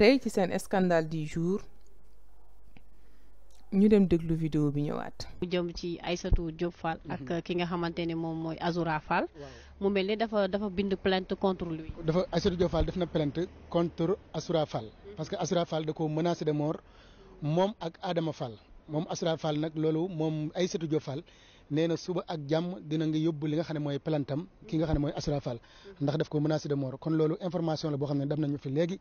tey ci seen scandale di jour ñu dem déglu video bi ñëwaat. bu jëm ci Aïssatou Diop Fall. ak mhm. ki nga xamante ne moom mooy Azoura Fall. mu mel ni dafa dafa bind plainte contre lui. dafa Aïssatou Diop Fall def na plainte contre Azoura Fall. parce que Azoura Fall da ko menacé de mort moom ak Adama Fall moom Azoura Fall nag loolu moom Aïssatou Diop Fall. neena suba ak jam dina nga yobbu li nga xamne moy plantam ki nga xamne moy asrafal ndax daf ko menacé de mort kon lolu information la bo xamne ne nañu fi legi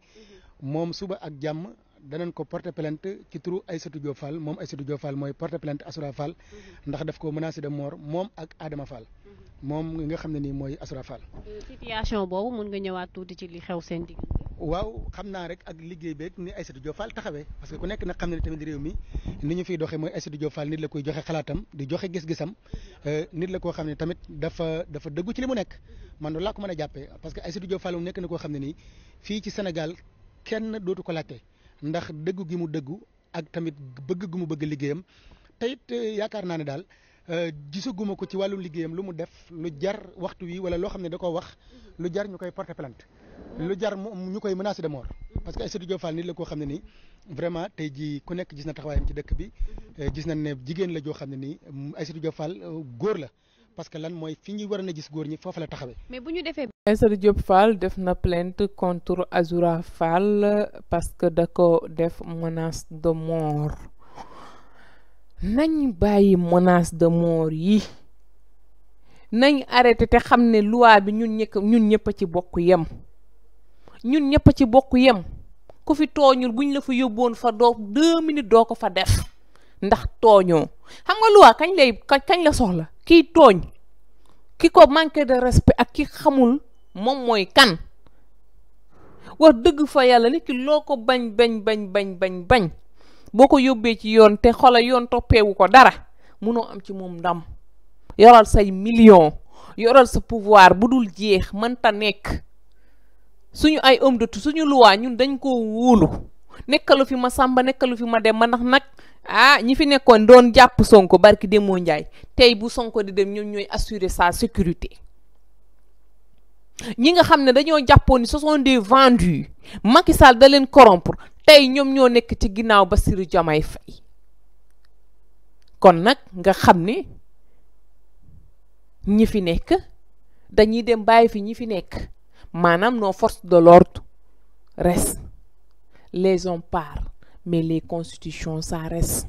mom suba ak jàmm danañ ko porter plainte ci trou Aïssatou Diop Fall moom Aïssatou Diop Fall mooy porter plainte asrafal ndax daf ko menacé de mort mom ak Adama Fall mom nga xamne ni moy asrafal euh, situation bobu mun nga ñëwaat tuti ci li xew sen diggante. waaw xam naa rek ak liggéey beeg ni Aïssatou Diop Fall taxawee parce que ku nekk nag xam na ne tamit réew mi ni ñu fiy doxee mooy Aïssatou Diop Fall nit la koy joxe xalaatam di joxe gis-gisam euh, nit la koo xam ne tamit dafa dafa dëggu ci li mu nekk man loolu laa ko mën a jàppee parce que Aïssatou Diop Fall nekk na koo xam ne nii fii ci senegal kenn dootu ko laajte ndax dëggu gi mu dëggu ak tamit bëgg gu mu bëgg liggéeyam te euh, yaakaar naa ne daal euh, gisaguma ko ci wàllu liggéeyam lu mu def lu jar waxtu wi wala loo xam ne da koo wax lu jar ñu koy porter plainte lu jar mu ñu koy menacé :fra de :fra parce que :fra Aïssatou Diop Fall nit la koo xam ne nii vraiment :fra tey jii ku nekk gis na taxawaayam ci dëkk bi eh, gis nañ ne jigéen la joo xam ne ni mm, Aïssatou Diop Fall eh, góor la parce que lan mooy fi ñu waroon a gis góor ñi foofu la taxawee Aïssatou Diop Fall def na plainte :fra contre :fra Azoura parce que da ko def menace :fra de :fra mort nañ bàyyi menaces de :fra yi nañ arrêté te xam ne loi bi ñun ñëkk ñun ñëpp ci bokk yem ñun ñëpp ci bokk yem ku fi tooñul buñ la fa yóbboon fa doo deux minutes doo ko fa def ndax tooñoo xam nga luwaa kañ lay kañ la soxla kiy tooñ ki ko manqué de respect ak ki xamul moom mooy kan wax dëgg fa yàlla nit ki loo ko bañ bañ bañ bañ bañ boo ko yóbbee ci yoon te xola yoon toppewu ko dara munoo am ci moom ndam yoral say million yoral sa pouvoir bu dul jeex mënta nekk suñu ay homme de tout suñu luwaa ñun dañ koo wóolu nekkalu fi ma sàmba nekkalu fi ma dem ma ndax nag ah ñi fi nekkoon doon jàpp Sonko barki demoo Ndiaye tey bu Sonko di dem ñoom ñooy assurer sa sécurité ñi nga xam ne dañoo jàppoon ni ce sont des vendus Macky Sall da leen corrompre tey ñoom ñoo nekk ci ginnaaw ba Bassirou Diomaye Faye kon nag nga xam ne ñi fi nekk dañuy dem bàyyi fi ñi fi nekk. Maintenant, nos forces de l'ordre restent les hommes partent mais les constitutions ça reste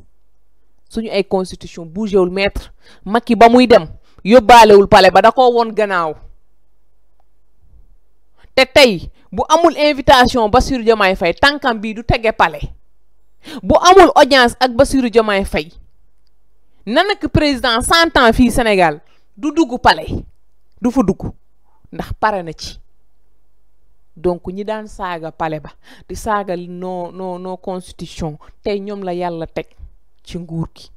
Si nous avons une constitution bougez le maître Je Macky ba muy dem yóbbaalewul palais ba da koo woon gannaaw te tey bu amul invitation une invitation. Faye tànkam une du tege palais bu amul audience ak Bassirou Diomaye Nous nanak nak président 100 ans fille Sénégal du dugg palais du fa dugg ndax paré na ci donc ñi daan saga pale ba di une constitution tay ñom la yalla tek ci nguur gi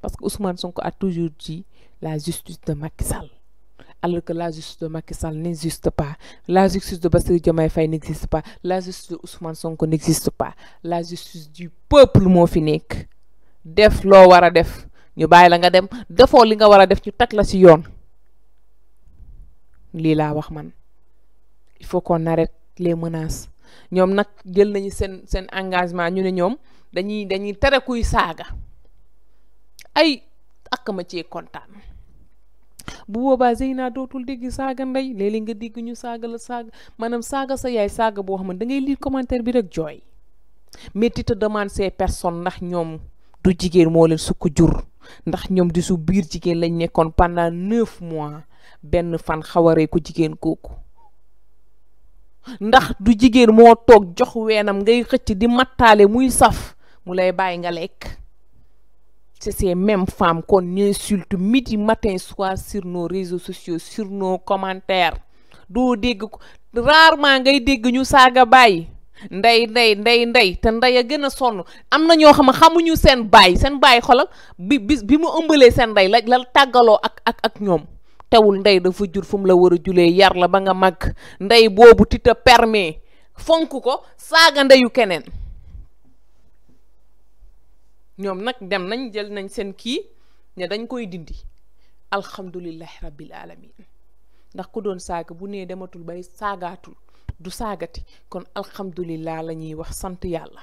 parce que Ousmane Sonko a toujours dit la justice de Macky Sall alors que la justice de Macky n'existe pas la justice de Bassir Diomaye Fay n'existe pas la justice de Sonko n'existe pas la justice du peuple mo fi def lo wara def ñu de la nga dem defo li nga def ñu la lii laa wax man il faut qu'on arrête les menaces ñoom nag jël nañu seen seen engagement ñu ne ñoom dañuy dañuy tere kuy saaga ay ak ma cee kontaan bu boobaa naa dootul dégg saaga ndey léeg-léeg nga digg ñu saaga la saaga maanaam saaga sa yaay saaga boo xam ne dangay ngay lire commentaire bi rek jooy métti te demande ces personnes ndax ñoom du jigéen moo leen sukk jur ndax ñoom di su biir jigéen lañ nekkoon pendant neuf mois benn fan xawaree ko jigéen kooku ndax du jigéen moo toog jox weenam ngay xëcc di mattale muy saf mu lay bàyyi nga lekk c'est même mêmes femmes qu'on insulte midi matin soir sur nos réseaux sociaux sur nos doo dégg ko rarement ngay dégg ñu saaga bàyyi ndey ndey ndey ndey te ndey a gën a sonn am na ñoo xam ne xamuñu seen baay seen baay xolal bi bis bi mu ëmbalee seen ndey la la tàggaloo ak ak ñoom tewul ndey dafa jur fu la war a julee yar la ba nga màgg ndey boobu ti te permet fonk ko saaga ndeyu keneen ñoom nag dem nañ jël nañ seen kii ne dañ koy dindi alhamdulillahi rabbil alamin ndax ku doon saaga bu nee dematul bay saagaatul du saagati kon alhamdulilah la ñuy wax sant yàlla